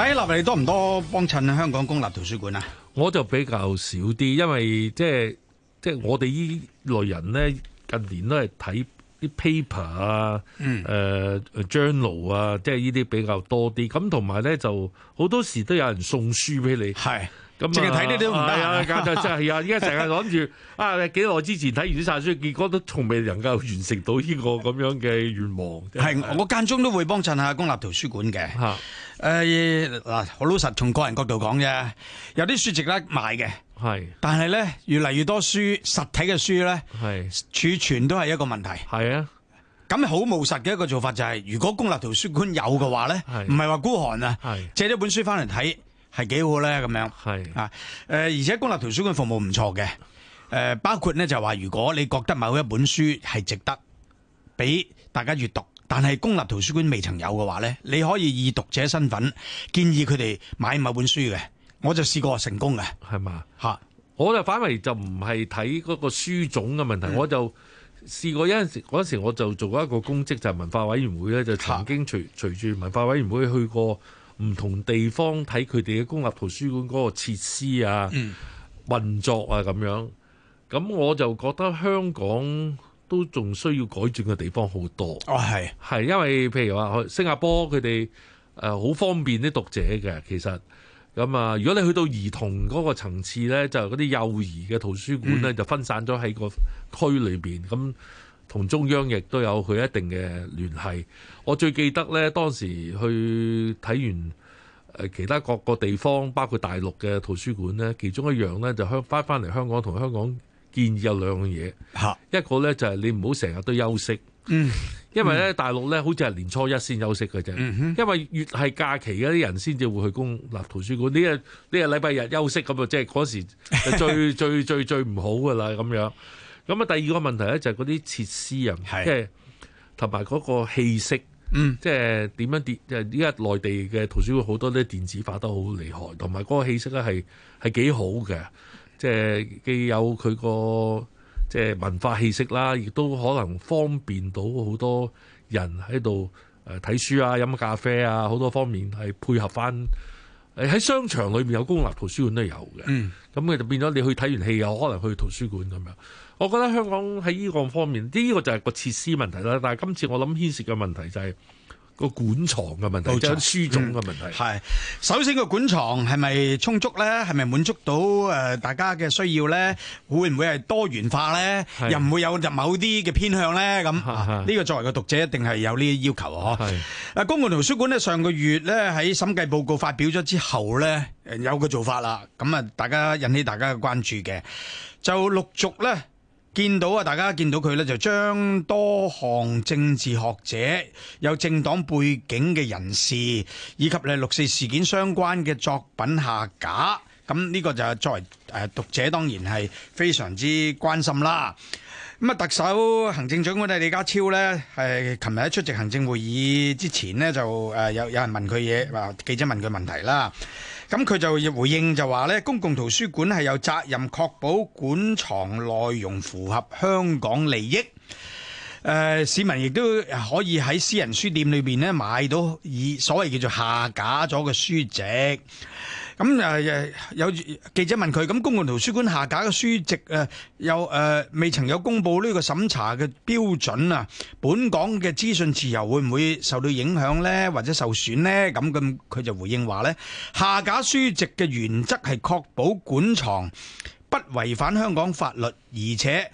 睇落嚟多唔多幫襯香港公立圖書館啊？我就比較少啲，因為即係即係我哋依類人咧，近年都係睇啲 paper 啊，誒、嗯呃、journal 啊，即係依啲比較多啲。咁同埋咧，就好多時都有人送書俾你。係。咁成日睇呢啲都唔得啊！間就真係啊，依家成日諗住啊，幾耐之前睇完晒書，結果都從未能夠完成到呢個咁樣嘅願望。係，我間中都會幫襯下公立圖書館嘅。嚇，誒嗱，好老實，從個人角度講啫，有啲書值得買嘅。係。但係咧，越嚟越多書，實體嘅書咧，係儲存都係一個問題。係啊。咁好務實嘅一個做法就係，如果公立圖書館有嘅話咧，唔係話孤寒啊，借咗一本書翻嚟睇。係幾好咧，咁樣，係啊，誒，而且公立圖書館服務唔錯嘅，誒、呃，包括呢就話，如果你覺得某一本書係值得俾大家閱讀，但係公立圖書館未曾有嘅話呢，你可以以讀者身份建議佢哋買某本書嘅，我就試過成功嘅，係嘛，吓， 我就反為就唔係睇嗰個書種嘅問題，我就試過有陣時嗰陣時我就做過一個公職就係、文化委員會咧，就曾經隨隨住文化委員會去過。唔同地方睇佢哋嘅公立圖書館嗰個設施啊，嗯、運作啊咁樣，咁我就覺得香港都仲需要改進嘅地方好多。哦，係，係因為譬如話去新加坡佢哋誒好方便啲讀者嘅，其實咁啊、嗯，如果你去到兒童嗰個層次呢，就嗰啲幼兒嘅圖書館呢，就分散咗喺個區裏邊咁。嗯同中央亦都有佢一定嘅聯繫。我最記得呢，當時去睇完其他各個地方，包括大陸嘅圖書館呢，其中一樣呢，就香翻翻嚟香港，同香港建議有兩樣嘢。一個呢，就係你唔好成日都休息。嗯，因為咧大陸呢，好似係年初一先休息嘅啫。嗯哼，因為越係假期嗰啲人先至會去公立圖書館。你係你係禮拜日休息咁啊，即係嗰時最 最最最唔好噶啦咁樣。咁啊，第二個問題咧就係嗰啲設施啊，即係同埋嗰個氣息，嗯、即係點樣？跌就依家內地嘅圖書館好多都電子化得好厲害，同埋嗰個氣息咧係係幾好嘅，即係既有佢個即係文化氣息啦，亦都可能方便到好多人喺度誒睇書啊、飲咖啡啊，好多方面係配合翻。誒喺商場裏面，有公立圖書館都有嘅，咁、嗯、佢就變咗你去睇完戲，有可能去圖書館咁樣。我覺得香港喺呢個方面，呢、呢個就係個設施問題啦。但係今次我諗牽涉嘅問題就係個館藏嘅問題，讀者、就係、書種嘅問題、嗯、首先個館藏係咪充足咧？係咪滿足到、呃、大家嘅需要咧？會唔會係多元化咧？又唔會有任某啲嘅偏向咧？咁呢、呢個作為個讀者一定係有呢啲要求啊！啊公共圖書館呢，上個月咧喺審計報告發表咗之後咧，有個做法啦。咁啊，大家引起大家嘅關注嘅，就陸續咧。見到啊，大家見到佢呢，就將多項政治學者、有政黨背景嘅人士，以及咧六四事件相關嘅作品下架。咁呢個就作為誒讀者，當然係非常之關心啦。咁啊，特首行政長官李家超呢，係琴日喺出席行政會議之前呢，就誒有有人問佢嘢，記者問佢問題啦。咁佢就回應就話咧，公共圖書館係有責任確保館藏內容符合香港利益。呃，市民亦都可以喺私人書店裏面咧買到以所謂叫做下架咗嘅書籍。咁誒有記者問佢，咁公共圖書館下架嘅書籍誒，有誒、呃、未曾有公佈呢個審查嘅標準啊，本港嘅資訊自由會唔會受到影響呢？或者受損呢？咁咁佢就回應話呢，下架書籍嘅原則係確保館藏不違反香港法律，而且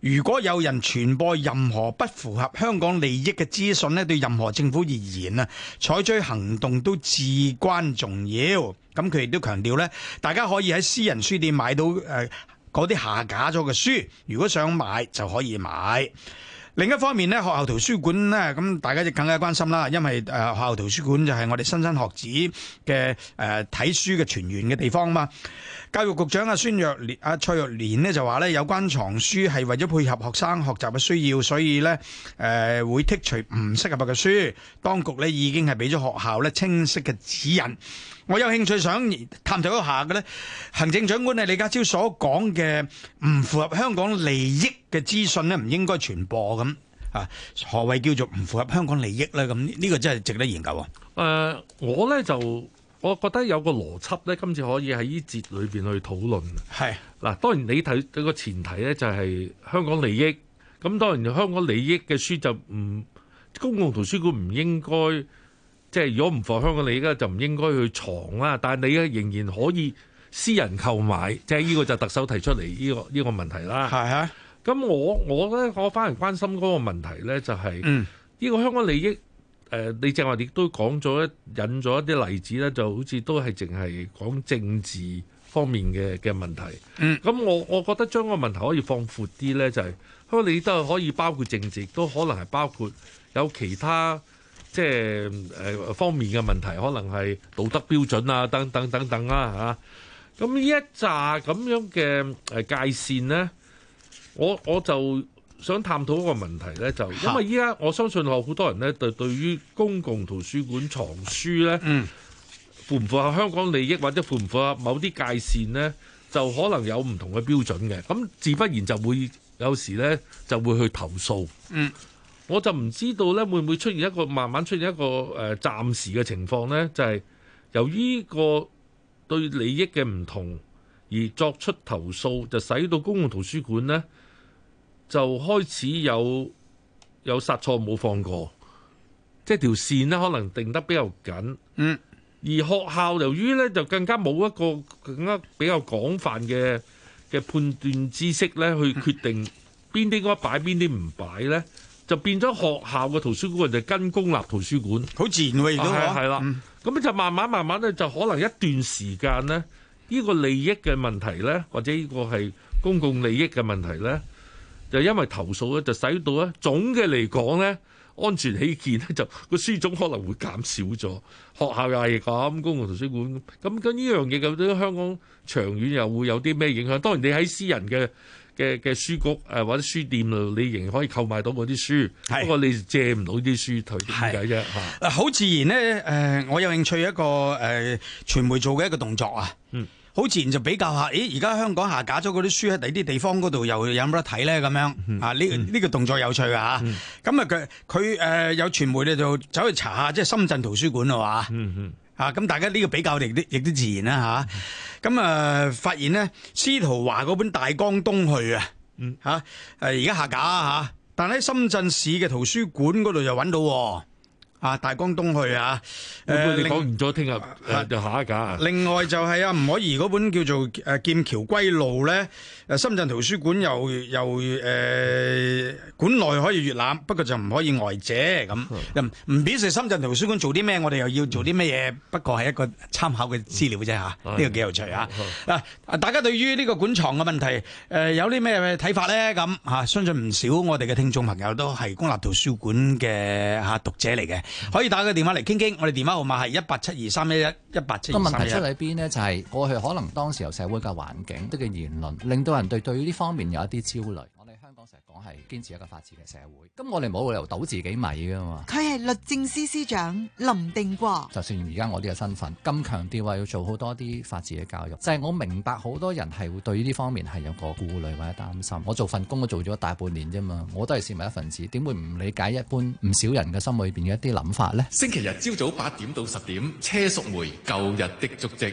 如果有人傳播任何不符合香港利益嘅資訊呢，對任何政府而言啊，採取行動都至關重要。咁佢亦都強調呢，大家可以喺私人書店買到誒嗰啲下架咗嘅書，如果想買就可以買。另一方面呢，學校圖書館呢，咁大家就更加關心啦，因為誒學校圖書館就係我哋莘莘學子嘅誒睇書嘅全員嘅地方嘛。教育局長阿孫若蓮、阿蔡若蓮呢就話呢有關藏書係為咗配合學生學習嘅需要，所以呢誒、呃、會剔除唔適合嘅書。當局呢已經係俾咗學校呢清晰嘅指引。我有興趣想探討一下嘅咧，行政長官咧李家超所講嘅唔符合香港利益嘅資訊咧，唔應該傳播咁啊？何謂叫做唔符合香港利益咧？咁、這、呢個真係值得研究啊！誒、呃，我咧就我覺得有個邏輯咧，今次可以喺呢節裏邊去討論。係嗱，當然你睇呢個前提咧，就係香港利益。咁當然香港利益嘅書就唔公共圖書館唔應該。即係如果唔符香港利益，就唔應該去藏啦。但係你咧仍然可以私人購買，即係呢個就特首提出嚟呢、呢個呢、呢個問題啦。係 啊。咁我我咧，我反而關心嗰個問題咧，就係、係、呢個香港利益。誒、呃，你正話亦都講咗咧，引咗一啲例子咧，就好似都係淨係講政治方面嘅嘅問題。咁 我我覺得將個問題可以放闊啲咧，就係、係、香港利益都可以包括政治，亦都可能係包括有其他。即係誒方面嘅問題，可能係道德標準啊，等等等等啦、啊、嚇。咁呢一紮咁樣嘅誒界線呢，我我就想探討一個問題呢。就因為依家我相信有好多人呢，對對於公共圖書館藏書呢，嗯，符唔符合香港利益或者符唔符合某啲界線呢，就可能有唔同嘅標準嘅。咁自不然就會有時呢就會去投訴，嗯。我就唔知道呢，會唔會出現一個慢慢出現一個誒、呃、暫時嘅情況呢就係、是、由於個對利益嘅唔同而作出投訴，就使到公共圖書館呢，就開始有有殺錯冇放過，即係條線呢可能定得比較緊。嗯，而學校由於呢，就更加冇一個更加比較廣泛嘅嘅判斷知識呢去決定邊啲該擺，邊啲唔擺呢。就變咗學校嘅圖書館就跟公立圖書館，好自然喎。而家係啦，咁、啊、就慢慢慢慢咧，就可能一段時間呢，呢、呢個利益嘅問題呢，或者呢個係公共利益嘅問題呢，就因為投訴呢，就使到呢，總嘅嚟講呢，安全起見呢，就個書種可能會減少咗。學校又係咁，公共圖書館咁，咁呢樣嘢究竟香港長遠又會有啲咩影響？當然你喺私人嘅嘅嘅書局或者書店度，你仍然可以購買到嗰啲書，不過你借唔到啲書，睇點解啫？好自然咧、呃，我有興趣一個誒、呃，傳媒做嘅一個動作啊，嗯，好自然就比較下，咦？而家香港下架咗嗰啲書喺第啲地方嗰度又有冇得睇咧？咁樣、嗯、啊？呢呢、嗯呢個動作有趣啊。咁啊佢佢誒有傳媒咧就走去查下，即係深圳圖書館啊嘛。嗯嗯咁、啊、大家呢個比較亦都亦都自然啦咁啊，啊，發現咧，司徒華嗰本《大江東去》啊，嚇、啊，誒而家下架啊，但喺深圳市嘅圖書館嗰度就揾到。啊！大江東去啊！誒，你講完咗，聽、啊、日下一架、啊。另外就係啊，吳靄儀嗰本叫做《誒劍橋歸路》咧，深圳圖書館又又誒、呃、館內可以閱覽，不過就唔可以外借咁。唔唔表示深圳圖書館做啲咩，我哋又要做啲咩嘢？不過係一個參考嘅資料啫嚇，呢、嗯啊呢個幾有趣啊！嗱、嗯啊，大家對於呢個館藏嘅問題，呃、有啲咩睇法咧？咁、啊、相信唔少我哋嘅聽眾朋友都係公立圖書館嘅嚇、啊、讀者嚟嘅。可以打個電話嚟傾傾，我哋電話號碼係一八七二三一一一八七二三一一。個問題出喺邊呢？就係過去可能當時由社會嘅環境、啲嘅言論，令到人對對於呢方面有一啲焦慮。香港成日講係堅持一個法治嘅社會，咁我哋冇理由賭自己米噶嘛。佢係律政司司長林定國，就算而家我呢個身份咁強調，話要做好多啲法治嘅教育，就係、是、我明白好多人係會對呢方面係有個顧慮或者擔心。我做份工，我做咗大半年啫嘛，我都係市民一份子，點會唔理解一般唔少人嘅心裏邊嘅一啲諗法咧？星期日朝早八點到十點，車淑梅舊日的足跡。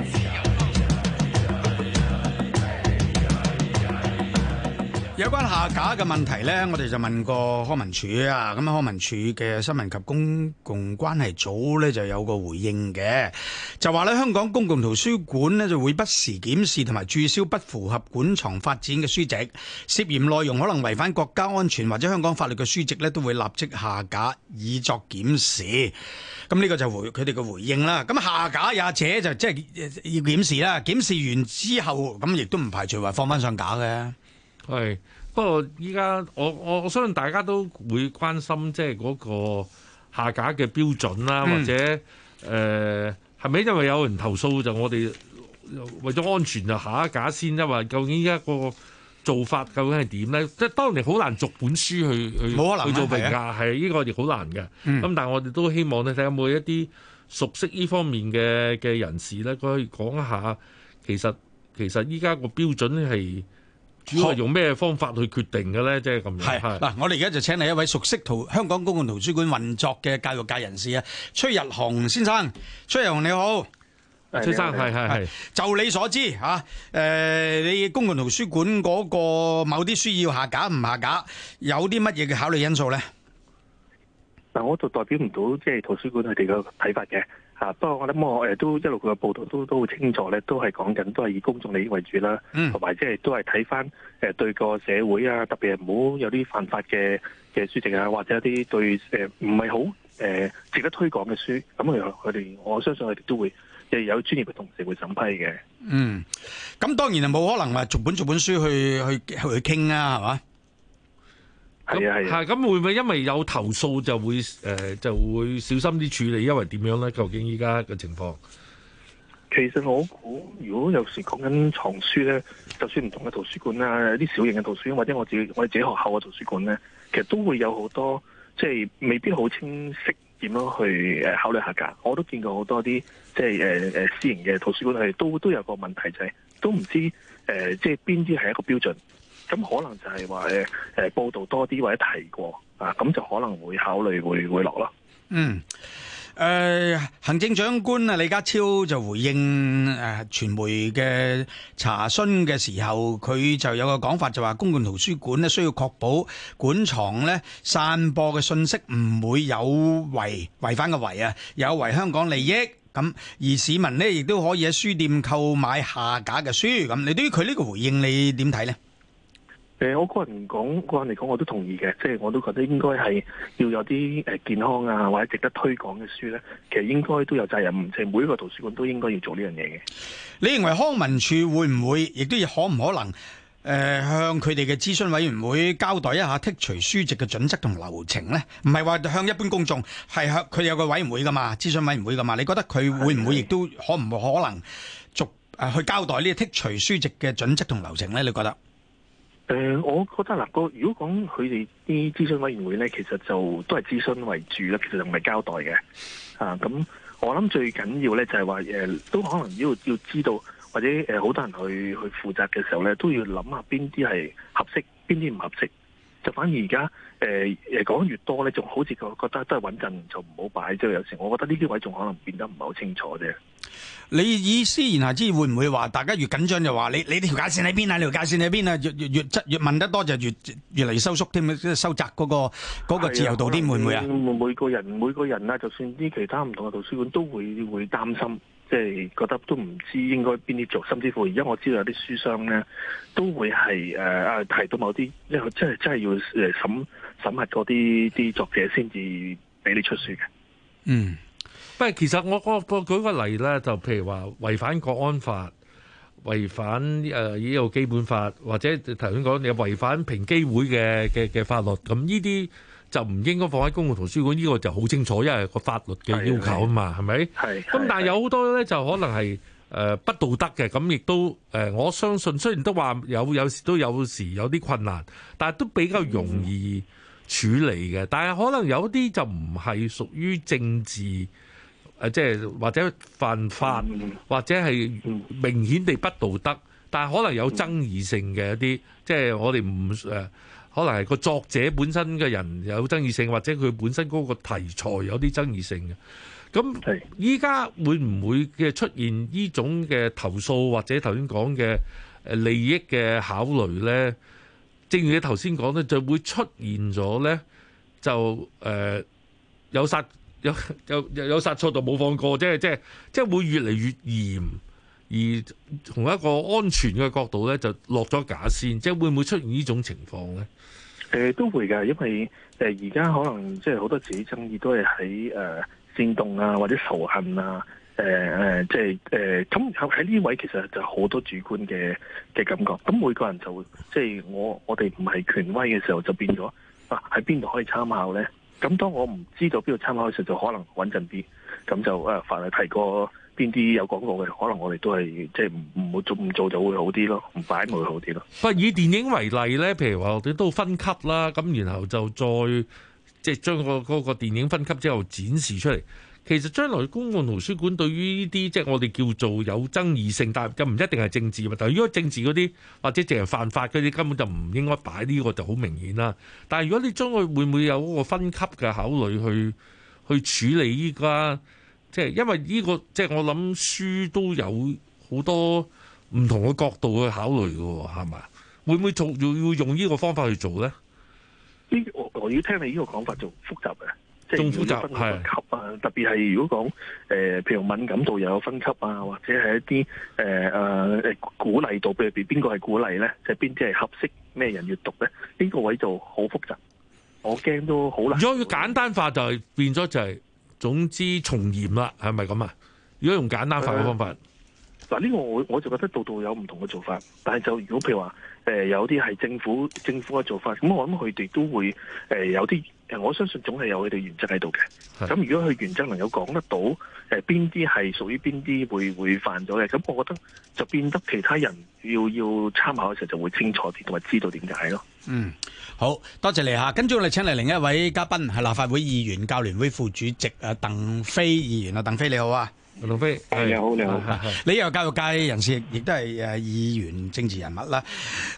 有關下架嘅問題呢，我哋就問過康文署啊，咁康文署嘅新聞及公共關係組呢就有個回應嘅，就話咧，香港公共圖書館呢就會不時檢視同埋註銷不符合館藏發展嘅書籍，涉嫌內容可能違反國家安全或者香港法律嘅書籍呢都會立即下架以作檢視。咁呢個就回佢哋嘅回應啦。咁下架也者，就即係要檢視啦，檢視完之後咁亦都唔排除話放翻上架嘅。係，不過依家我我我相信大家都會關心，即係嗰個下架嘅標準啦、嗯，或者誒係咪因為有人投訴就我哋為咗安全就下架先，因為究竟依家個做法究竟係點咧？即係當年好難逐本書去去、冇可能啊、去做評價，係呢、呢個亦好難嘅。咁、嗯、但係我哋都希望咧，睇下每一啲熟悉呢方面嘅嘅人士咧，佢可以講下其實其實依家個標準係。主要係用咩方法去決定嘅咧？即係咁樣。係嗱，我哋而家就請嚟一位熟悉圖香港公共圖書館運作嘅教育界人士啊，崔日雄先生。崔日雄你好，崔先生係係。就你所知吓，誒、啊呃，你公共圖書館嗰個某啲書要下架唔下架，有啲乜嘢嘅考慮因素咧？嗱，我就代表唔到即係、就是、圖書館佢哋嘅睇法嘅。啊！不過我諗我誒都一路佢嘅報道都都好清楚咧，都係講緊都係以公眾利益為主啦，同埋即係都係睇翻誒對個社會啊，特別係唔好有啲犯法嘅嘅書籍啊，或者一啲對誒唔係好誒、呃、值得推廣嘅書。咁佢佢哋，我相信佢哋都會即係有專業嘅同事會審批嘅。嗯，咁當然係冇可能話逐本逐本書去去去傾啊，係嘛？係，咁、啊啊啊、會唔會因為有投訴就會誒、呃、就會小心啲處理？因為點樣咧？究竟依家嘅情況？其實我估，如果有時講緊藏書咧，就算唔同嘅圖書館啦，啲小型嘅圖書館或者我自己我哋自己學校嘅圖書館咧，其實都會有好多即係、就是、未必好清晰點樣去誒考慮下㗎。我都見過好多啲即係誒誒私營嘅圖書館係都都有個問題，就係、是、都唔知誒、呃、即係邊啲係一個標準。咁可能就係話誒誒，報道多啲或者提過啊，咁就可能會考慮會會落咯。嗯，誒、呃，行政長官啊，李家超就回應誒傳媒嘅查詢嘅時候，佢就有個講法就話，公共圖書館呢需要確保館藏呢散播嘅信息唔會有違違反個違啊，有違香港利益。咁而市民呢亦都可以喺書店購買下架嘅書。咁你對於佢呢個回應你，你點睇呢？誒，我個人講，個人嚟講，我都同意嘅，即係我都覺得應該係要有啲誒健康啊，或者值得推廣嘅書咧，其實應該都有責任，即係每個圖書館都應該要做呢樣嘢嘅。你認為康文署會唔會，亦都可唔可能誒向佢哋嘅諮詢委員會交代一下剔除書籍嘅準則同流程咧？唔係話向一般公眾，係向佢有個委員會噶嘛？諮詢委員會噶嘛？你覺得佢會唔會亦都可唔可能逐誒去交代呢個剔除書籍嘅準則同流程咧？你覺得？誒、呃，我覺得嗱，個如果講佢哋啲諮詢委員會咧，其實就都係諮詢為主啦，其實就唔係交代嘅。啊，咁我諗最緊要咧就係話，誒、呃，都可能要要知道，或者誒，好、呃、多人呃、好多人去去負責嘅時候咧，都要諗下邊啲係合適，邊啲唔合適。就反而而家誒誒講得越多咧，仲好似覺覺得真係穩陣，就唔好擺。即係有時，我覺得呢啲位仲可能變得唔係好清楚啫。你意思言，言下之會唔會話大家越緊張就話你你條界線喺邊啊？你條界線喺邊啊？越越越越問得多，就越越嚟收縮添，即係收窄嗰、個嗰個自由度啲，會唔會啊？每個人每個人啊，就算啲其他唔同嘅圖書館都會會擔心。即係覺得都唔知應該邊啲做，甚至乎而家我知道有啲書商咧，都會係誒啊提到某啲，因為真係真係要誒審審核嗰啲啲作者先至俾你出書嘅。嗯，不過其實我我我舉個例咧，就譬如話違反國安法、違反誒呢個基本法，或者頭先講你違反平機會嘅嘅嘅法律，咁呢啲。就唔應該放喺公共圖書館，呢個就好清楚，因為個法律嘅要求啊嘛，係咪？咁但係有好多呢，就可能係誒不道德嘅，咁亦都誒我相信，雖然都話有有時都有時有啲困難，但係都比較容易處理嘅。但係可能有啲就唔係屬於政治誒，即係或者犯法，或者係明顯地不道德，但係可能有爭議性嘅一啲，即係我哋唔誒。可能係個作者本身嘅人有爭議性，或者佢本身嗰個題材有啲爭議性嘅。咁依家會唔會嘅出現呢種嘅投訴，或者頭先講嘅誒利益嘅考慮呢？正如你頭先講呢，就會出現咗呢，就誒、呃、有殺有有有殺錯就冇放過，即係即係即係會越嚟越嚴。而從一個安全嘅角度咧，就落咗假線，即係會唔會出現呢種情況咧？誒、呃、都會㗎，因為誒而家可能即係好多自己爭議都係喺誒煽動啊，或者仇恨啊，誒即係誒咁。喺、就、呢、是呃、位其實就好多主觀嘅嘅感覺。咁每個人就即係、就是、我我哋唔係權威嘅時候，就變咗啊喺邊度可以參考咧？咁當我唔知道邊度參考嘅時候，就可能穩陣啲。咁就誒，凡、呃、係提過。邊啲有廣告嘅，可能我哋都係即係唔唔會做，唔做就會好啲咯，唔擺會好啲咯。不以電影為例咧，譬如話我哋都分級啦，咁然後就再即係將個嗰個電影分級之後展示出嚟。其實將來公共圖書館對於呢啲即係我哋叫做有爭議性，但係咁唔一定係政治啊。但如果政治嗰啲或者淨係犯法嗰啲，根本就唔應該擺。呢個就好明顯啦。但係如果你將佢會唔會有一個分級嘅考慮去去處理依家？即係因為呢個即係我諗書都有好多唔同嘅角度去考慮嘅係咪？會唔會做要要用呢個方法去做咧？呢我我要聽你呢個講法就複雜嘅，即係複雜分級啊，特別係如果講誒，譬如敏感度又有分級啊，或者係一啲誒誒鼓勵度，譬如邊邊個係鼓勵咧，即係邊啲係合適咩人閱讀咧？呢個位就好複雜，我驚都好難。如果要簡單化就係變咗就係。總之從嚴啦，係咪咁啊？如果用簡單法嘅方法，嗱呢、啊，這個我我就覺得度度有唔同嘅做法，但係就如果譬如話誒、呃、有啲係政府政府嘅做法，咁我諗佢哋都會誒、呃、有啲誒，我相信總係有佢哋原則喺度嘅。咁如果佢原則能夠講得到誒邊啲係屬於邊啲會會犯咗嘅，咁我覺得就變得其他人要要參考嘅時候就會清楚啲，同埋知道點解咯。嗯，好多謝你吓。跟住我哋請嚟另一位嘉賓係立法會議員教聯會副主席誒，鄧飛議員啊，鄧飛你好啊，鄧飛，你好你好。你又教育界人士，亦都係誒議員政治人物啦。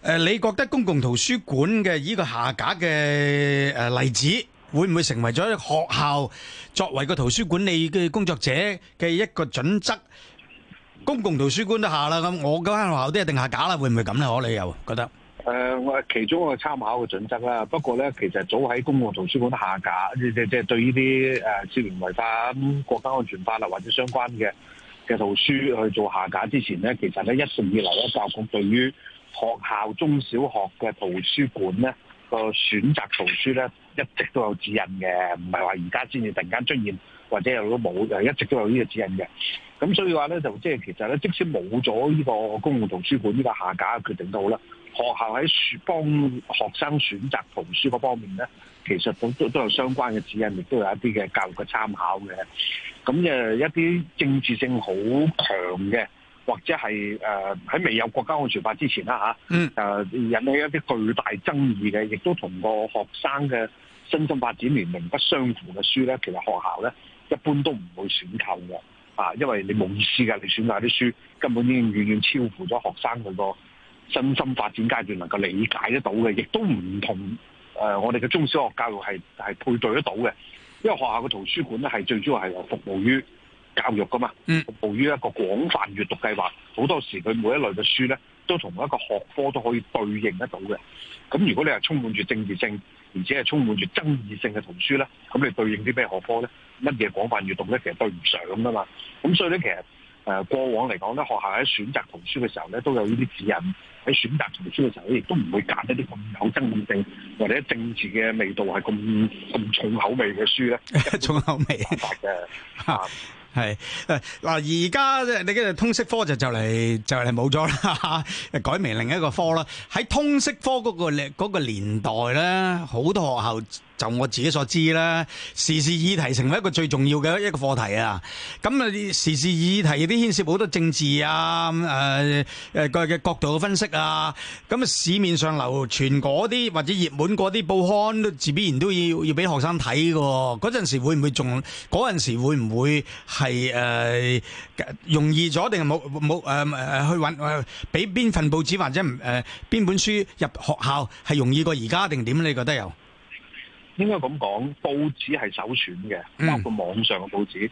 誒，你覺得公共圖書館嘅呢個下架嘅誒例子，會唔會成為咗學校作為個圖書管理嘅工作者嘅一個準則？公共圖書館都下啦，咁我 𠮶 間學校都一定下架啦，會唔會咁咧？可你又覺得？誒、呃，我其中一個參考嘅準則啦，不過咧，其實早喺公共圖書館下架，即即即對呢啲誒涉嫌違法咁國家安全法例或者相關嘅嘅圖書去做下架之前咧，其實咧一直以嚟咧，教局對於學校中小學嘅圖書館咧個選擇圖書咧，一直都有指引嘅，唔係話而家先至突然間出現，或者有都冇，一直都有呢個指引嘅。咁所以話咧，就即係其實咧，即使冇咗呢個公共圖書館呢個下架嘅決定都好啦。學校喺幫學生選擇圖書嗰方面咧，其實都都都有相關嘅指引，亦都有一啲嘅教育嘅參考嘅。咁誒，一啲政治性好強嘅，或者係誒喺未有國家安全法之前啦吓，誒、啊、引起一啲巨大爭議嘅，亦都同個學生嘅身心發展年齡不相符嘅書咧，其實學校咧一般都唔會選購嘅啊，因為你冇意思㗎，你選擇啲書根本已經遠遠超乎咗學生嗰個。身心發展階段能夠理解得到嘅，亦都唔同誒、呃、我哋嘅中小學教育係係配對得到嘅，因為學校嘅圖書館咧係最主要係服務於教育㗎嘛，服務於一個廣泛閱讀計劃。好多時佢每一類嘅書咧，都同一個學科都可以對應得到嘅。咁如果你係充滿住政治性，而且係充滿住爭議性嘅圖書咧，咁你對應啲咩學科咧？乜嘢廣泛閱讀咧？其實對唔上㗎嘛。咁所以咧，其實誒、呃、過往嚟講咧，學校喺選擇圖書嘅時候咧，都有呢啲指引。喺選擇圖書嘅時候，佢亦都唔會揀一啲咁有爭議性或者政治嘅味道係咁咁重口味嘅書咧。 重口味啊，白嘅。係誒嗱，而家即係你嘅通識科就就嚟、就嚟冇咗啦吓，改名另一個科啦。喺通識科嗰個歷嗰個年代咧，好多學校就我自己所知啦，時事議題成為一個最重要嘅一個課題啊。咁啊，時事議題亦都牽涉好多政治啊，誒誒嘅嘅角度嘅分析啊。咁啊，市面上流傳嗰啲或者熱門嗰啲報刊都自必然都要要俾學生睇嘅。嗰陣時會唔會仲？嗰陣時會唔會？係誒、呃、容易咗定係冇冇誒誒去揾誒，俾、呃、邊份報紙或者誒邊、呃、本書入學校係容易過而家定點？你覺得又？應該咁講，報紙係首選嘅，包括網上嘅報紙、嗯，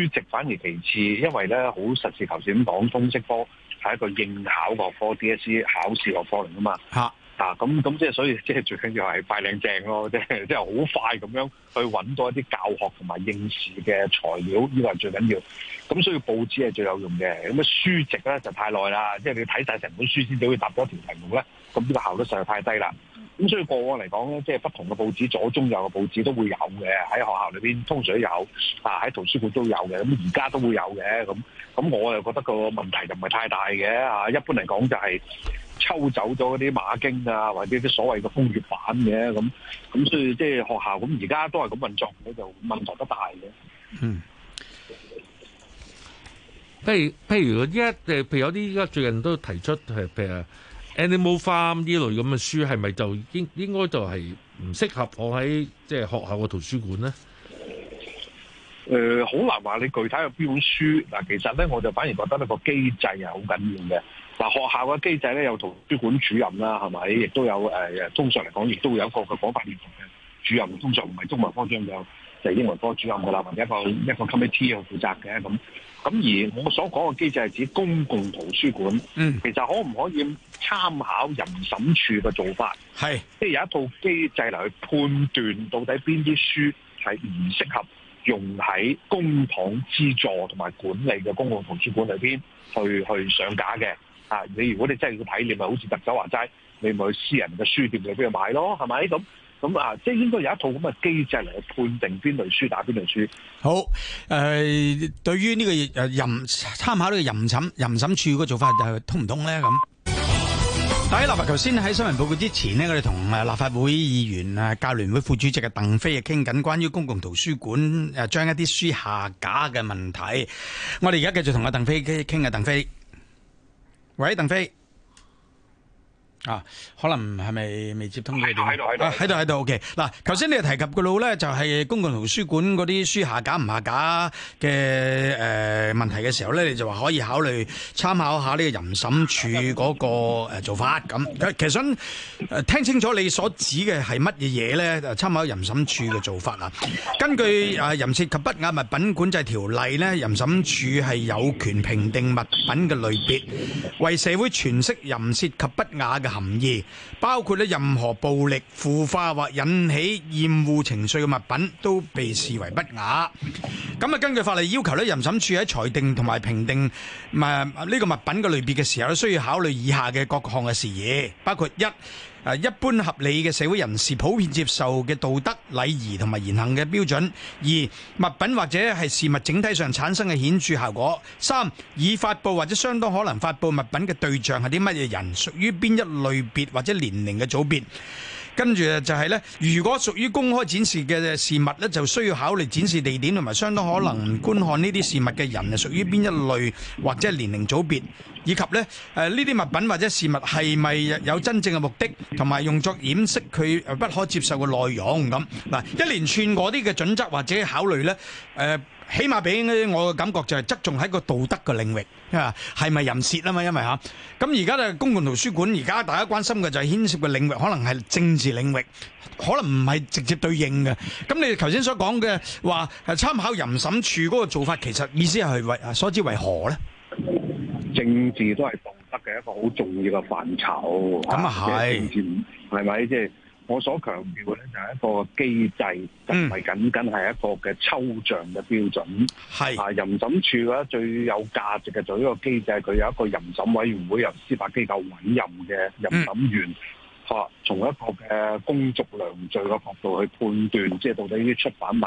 書籍反而其次，因為咧好實事求是咁講，通識科係一個應考個科，DSE 考試個科嚟噶嘛。啊啊，咁咁即係所以，即係最緊要係快靚正咯，即係即係好快咁樣去揾到一啲教學同埋應試嘅材料，呢個係最緊要。咁所以報紙係最有用嘅。咁啊書籍咧就太耐啦，即係你睇晒成本書先至會答多條題目咧，咁呢個效率實在太低啦。咁所以過往嚟講咧，即係不同嘅報紙，左中右嘅報紙都會有嘅，喺學校裏面通常都有，啊喺圖書館都有嘅。咁而家都會有嘅。咁咁我又覺得個問題就唔係太大嘅。一般嚟講就係。抽走咗嗰啲馬經啊，或者啲所謂嘅工業版嘅咁，咁所以即係學校咁而家都係咁運作，咁就問題得大嘅。嗯，譬如譬如依家誒，譬如有啲依家最近都提出，譬如啊，Animal Farm 呢類咁嘅書，係咪就應應該就係唔適合我喺即係學校嘅圖書館咧？誒、呃，好難話你具體有邊本書嗱，其實咧我就反而覺得呢個機制係好緊要嘅。嗱，學校嘅機制咧，有圖書館主任啦，係咪？亦都有誒誒、呃，通常嚟講亦都會有一個個講法唔同嘅主任，通常唔係中文科主任，有就係英文科主任噶啦，或者一個一個，一個 committee 去負責嘅咁。咁而我所講嘅機制係指公共圖書館，嗯，其實可唔可以參考淫審處嘅做法？係，即係有一套機制嚟去判斷到底邊啲書係唔適合。用喺公帑資助同埋管理嘅公共圖書館裏邊去去上架嘅。啊！你如果你真係要睇，你咪好似特首話齋，你咪去私人嘅書店裏邊度買咯，係咪咁？咁啊，即係應該有一套咁嘅機制嚟去判定邊類書打邊類書。好，誒、呃，對於呢個誒淫參考呢個淫審淫審處個做法，就係通唔通咧咁？大家立法，頭先喺新聞報告之前呢，我哋同誒立法會議員啊教聯會副主席嘅鄧飛啊傾緊關於公共圖書館誒將一啲書下架嘅問題。我哋而家繼續同阿鄧飛傾，傾啊鄧飛。喂，鄧飛。啊，可能係咪未接通？喺度喺度，喺度喺度。OK，嗱，頭先你提及嘅到咧，就係公共圖書館嗰啲書下架唔下架嘅誒問題嘅時候咧，你就話可以考慮參考下呢個淫審處嗰個誒做法咁。其實想聽清楚你所指嘅係乜嘢嘢咧？就參考淫審處嘅做法啊。根據《誒淫褻及不雅物品管制條例》咧，淫審處係有權評定物品嘅類別，為社會詮釋淫褻及不雅嘅。含義包括咧，任何暴力、腐化或引起厭惡情緒嘅物品都被視為不雅。咁啊，根據法例要求咧，淫審處喺裁定同埋評定誒呢個物品嘅類別嘅時候，需要考慮以下嘅各項嘅事宜，包括一。一般合理嘅社會人士普遍接受嘅道德禮儀同埋言行嘅標準。二、物品或者係事物整體上產生嘅顯著效果。三、已發布或者相當可能發布物品嘅對象係啲乜嘢人，屬於邊一類別或者年齡嘅組別。跟住就係呢如果屬於公開展示嘅事物呢就需要考慮展示地點同埋相當可能觀看呢啲事物嘅人係屬於邊一類或者係年齡組別，以及呢呢啲物品或者事物係咪有真正嘅目的，同埋用作掩飾佢不可接受嘅內容咁嗱，一連串嗰啲嘅準則或者考慮呢。起碼俾我嘅感覺就係側重喺個道德嘅領域，啊係咪淫褻啊嘛？因為吓咁而家咧公共圖書館而家大家關心嘅就係牽涉嘅領域可能係政治領域，可能唔係直接對應嘅。咁你哋頭先所講嘅話，係參考淫審處嗰個做法，其實意思係為所知為何咧？政治都係道德嘅一個好重要嘅範疇，咁啊係，係咪即係？我所強調咧就係、是、一個機制，唔、就、係、是、僅僅係一個嘅抽象嘅標準。係、嗯、啊，淫審處咧最有價值嘅就呢個機制，佢有一個淫審委員會，由司法機構委任嘅淫審員，嚇、嗯啊、從一個嘅公序良俗嘅角度去判斷，即、就、係、是、到底呢啲出版物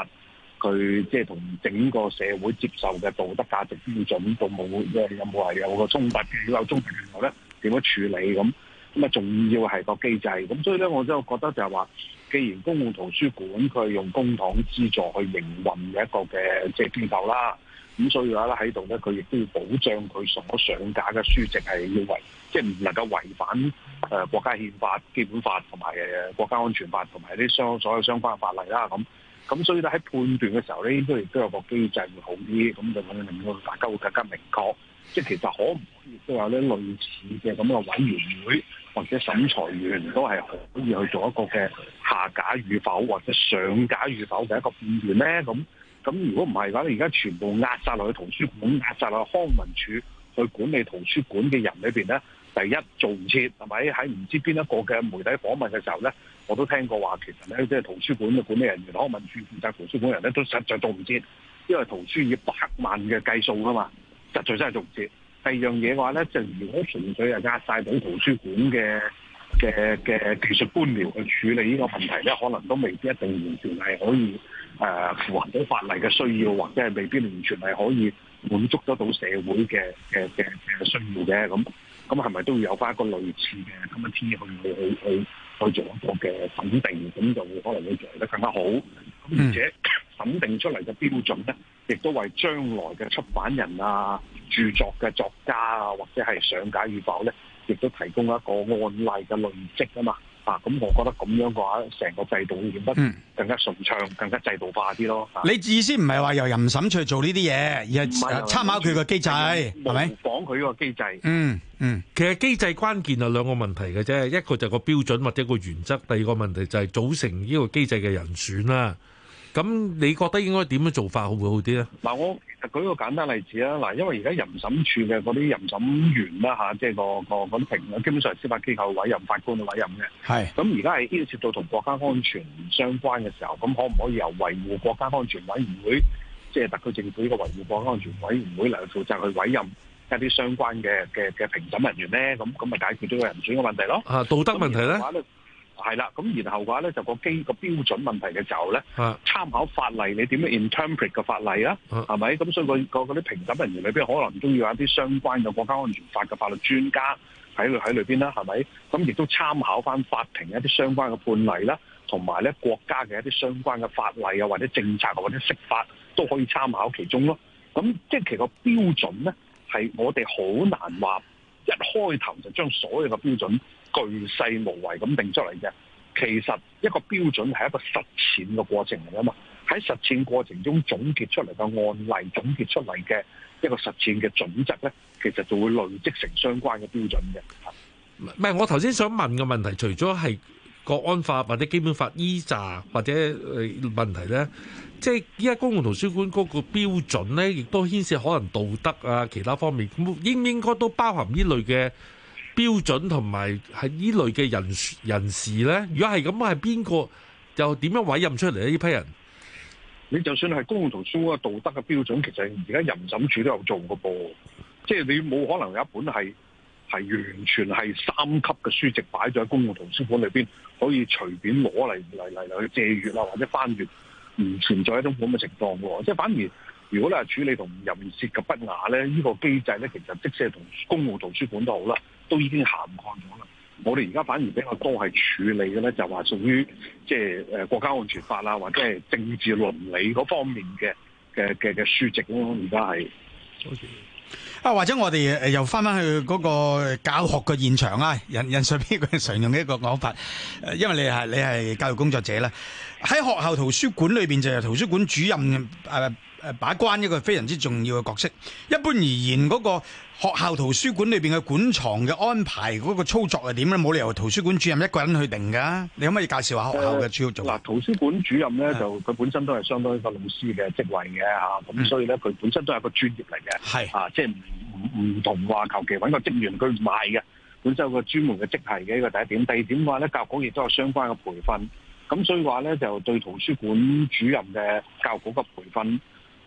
佢即係同整個社會接受嘅道德價值標準，都沒有冇即係有冇係有，有個衝突嘅，有，有衝突然後咧點樣處理咁？嗯咁啊，仲要係個機制，咁所以咧，我真係覺得就係話，既然公共圖書館佢用公帑資助去營運嘅一個嘅即係機構啦，咁所以嘅話咧喺度咧，佢亦都要保障佢所上架嘅書籍係要違，即係唔能夠違反誒國家憲法、基本法同埋誒國家安全法同埋啲相所有相關法例啦。咁咁所以咧喺判斷嘅時候咧，應該亦都有個機制會好啲，咁就令到大家會更加明確。即係其實可唔可以都話咧類似嘅咁嘅委員會或者審裁員都係可以去做一個嘅下架與否或者上架與否嘅一個判斷咧？咁咁如果唔係嘅話，而家全部壓晒落去圖書館，壓晒落去康文署去管理圖書館嘅人裏邊咧，第一做唔切，係咪？喺唔知邊一個嘅媒體訪問嘅時候咧，我都聽過話，其實咧即係圖書館嘅管理人員、康文署負責圖書館人咧，都實在做唔切，因為圖書以百萬嘅計數噶嘛。質素真係重要。第二樣嘢嘅話咧，就如果純粹係壓晒到圖書館嘅嘅嘅技術官僚去處理呢個問題咧，可能都未必一定完全係可以誒符合到法例嘅需要，或者係未必完全係可以滿足得到社會嘅嘅嘅嘅需要嘅。咁咁係咪都會有翻一個類似嘅咁嘅天去去去去做一個嘅審定，咁就會可能會做得更加好。咁而且審定出嚟嘅標準咧。亦都為將來嘅出版人啊、著作嘅作家啊，或者係上解預報咧，亦都提供一個案例嘅累積啊嘛。啊，咁我覺得咁樣嘅話，成個制度點得更加順暢、更加制度化啲咯。你意思唔係話由任審處去做呢啲嘢，而係參考佢個機制，係咪講佢個機制？嗯、啊、嗯、嗯、嗯、嗯、嗯，其實機制關鍵係，兩個問題嘅啫，一個就係個標準或者個原則，第二個問題就係組成呢個機制嘅人選啦、啊。咁你覺得應該點樣做法會會好啲咧？嗱，我舉個簡單例子啦，嗱，因為而家淫審處嘅嗰啲淫審員啦，吓，即係個個咁評論，基本上司法機構委任法官委任嘅。係。咁而家係牽涉到同國家安全相關嘅時候，咁可唔可以由維護國家安全委員會，即係特區政府呢個維護國家安全委員會嚟負責去委任一啲相關嘅嘅嘅評審人員咧？咁咁咪解決咗個人選嘅問題咯？啊，道德問題咧？係啦，咁然後嘅話咧，就個基個標準問題嘅時候咧，參考法例，你點樣 interpret 個法例啦，係咪？咁所以個嗰啲評審人員裏面可能都要有一啲相關嘅國家安全法嘅法律專家喺喺裏邊啦，係咪？咁亦都參考翻法庭嘅一啲相關嘅判例啦，同埋咧國家嘅一啲相關嘅法例啊，或者政策啊，或者釋法都可以參考其中咯。咁即係其個標準咧，係我哋好難話一開頭就將所有嘅標準。巨細無遺咁定出嚟嘅，其實一個標準係一個實踐嘅過程嚟啊嘛。喺實踐過程中總結出嚟嘅案例，總結出嚟嘅一個實踐嘅準則咧，其實就會累積成相關嘅標準嘅。唔係，我頭先想問嘅問題，除咗係國安法或者基本法依詐或者問題咧，即係依家公共圖書館嗰個標準咧，亦都牽涉可能道德啊其他方面，應唔應該都包含呢類嘅？標準同埋係依類嘅人人士咧，如果係咁，係邊個又點樣委任出嚟呢批人，你就算係公共圖書館道德嘅標準，其實而家淫審處都有做㗎噃。即係你冇可能有一本係係完全係三級嘅書籍擺咗喺公共圖書館裏邊，可以隨便攞嚟嚟嚟嚟去借閲啊，或者翻閲，唔存在一種咁嘅情況嘅。即係反而，如果你係處理同淫褻嘅不雅咧，呢、呢個機制咧，其實即使係同公共圖書館都好啦。都已經涵蓋咗啦。我哋而家反而比較多係處理嘅咧，就話屬於即係誒國家安全法啊，或者係政治倫理嗰方面嘅嘅嘅嘅書籍咁。而家係啊，或者我哋誒又翻翻去嗰個教學嘅現場啦，引引述邊個常用嘅一個講法？因為你係你係教育工作者啦，喺學校圖書館裏邊就係圖書館主任誒，呃誒，把關一個非常之重要嘅角色。一般而言，嗰、那個學校圖書館裏邊嘅館藏嘅安排嗰、那個操作係點咧？冇理由圖書館主任一個人去定噶。你可唔可以介紹下學校嘅主要做？嗱、呃，圖書館主任咧就佢本身都係相當於個老師嘅職位嘅吓，咁、啊、所以咧佢、嗯、本身都係一個專業嚟嘅。係啊，即係唔唔同話求其搵個職員去買嘅，本身有個專門嘅職系嘅呢個第一點。第二點嘅話咧，教育局亦都有相關嘅培訓，咁所以話咧就對圖書館主任嘅教育局嘅培訓。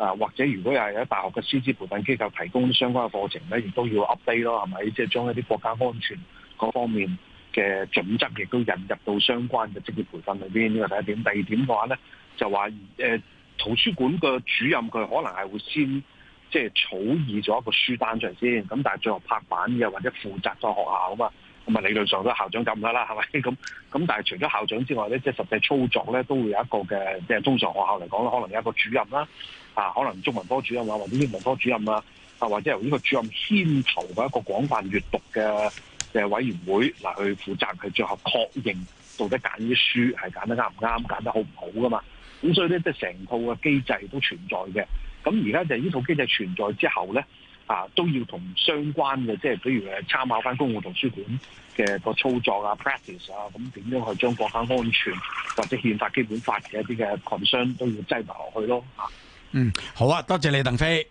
啊，或者如果又係喺大學嘅師資培訓機構提供相關嘅課程咧，亦都要 update 咯，係咪？即係將一啲國家安全各方面嘅準則，亦都引入到相關嘅職業培訓裏邊，呢個第一點。第二點嘅話咧，就話誒圖書館嘅主任佢可能係會先即係、就是、草擬咗一個書單出嚟先，咁但係最後拍板嘅或者負責咗學校啊嘛。咁啊，理論上都校長咁啦，係咪咁？咁但係除咗校長之外咧，即係實際操作咧，都會有一個嘅，即係通常學校嚟講啦，可能有一個主任啦，啊，可能中文科主任啊，或者英文科主任啊，啊，或者由呢個主任牽頭嘅一個廣泛閱讀嘅嘅委員會嗱去負責，佢最後確認到底揀啲書係揀得啱唔啱，揀得好唔好噶嘛。咁所以咧，即係成套嘅機制都存在嘅。咁而家就係呢套機制存在之後咧。啊，都要同相關嘅，即係比如誒參考返公共圖書館嘅個操作啊、practice 啊，咁點樣去將國家安全或者憲法基本法嘅一啲嘅 concern 都要擠埋落去咯嚇。嗯，好啊，多謝你，鄧飛。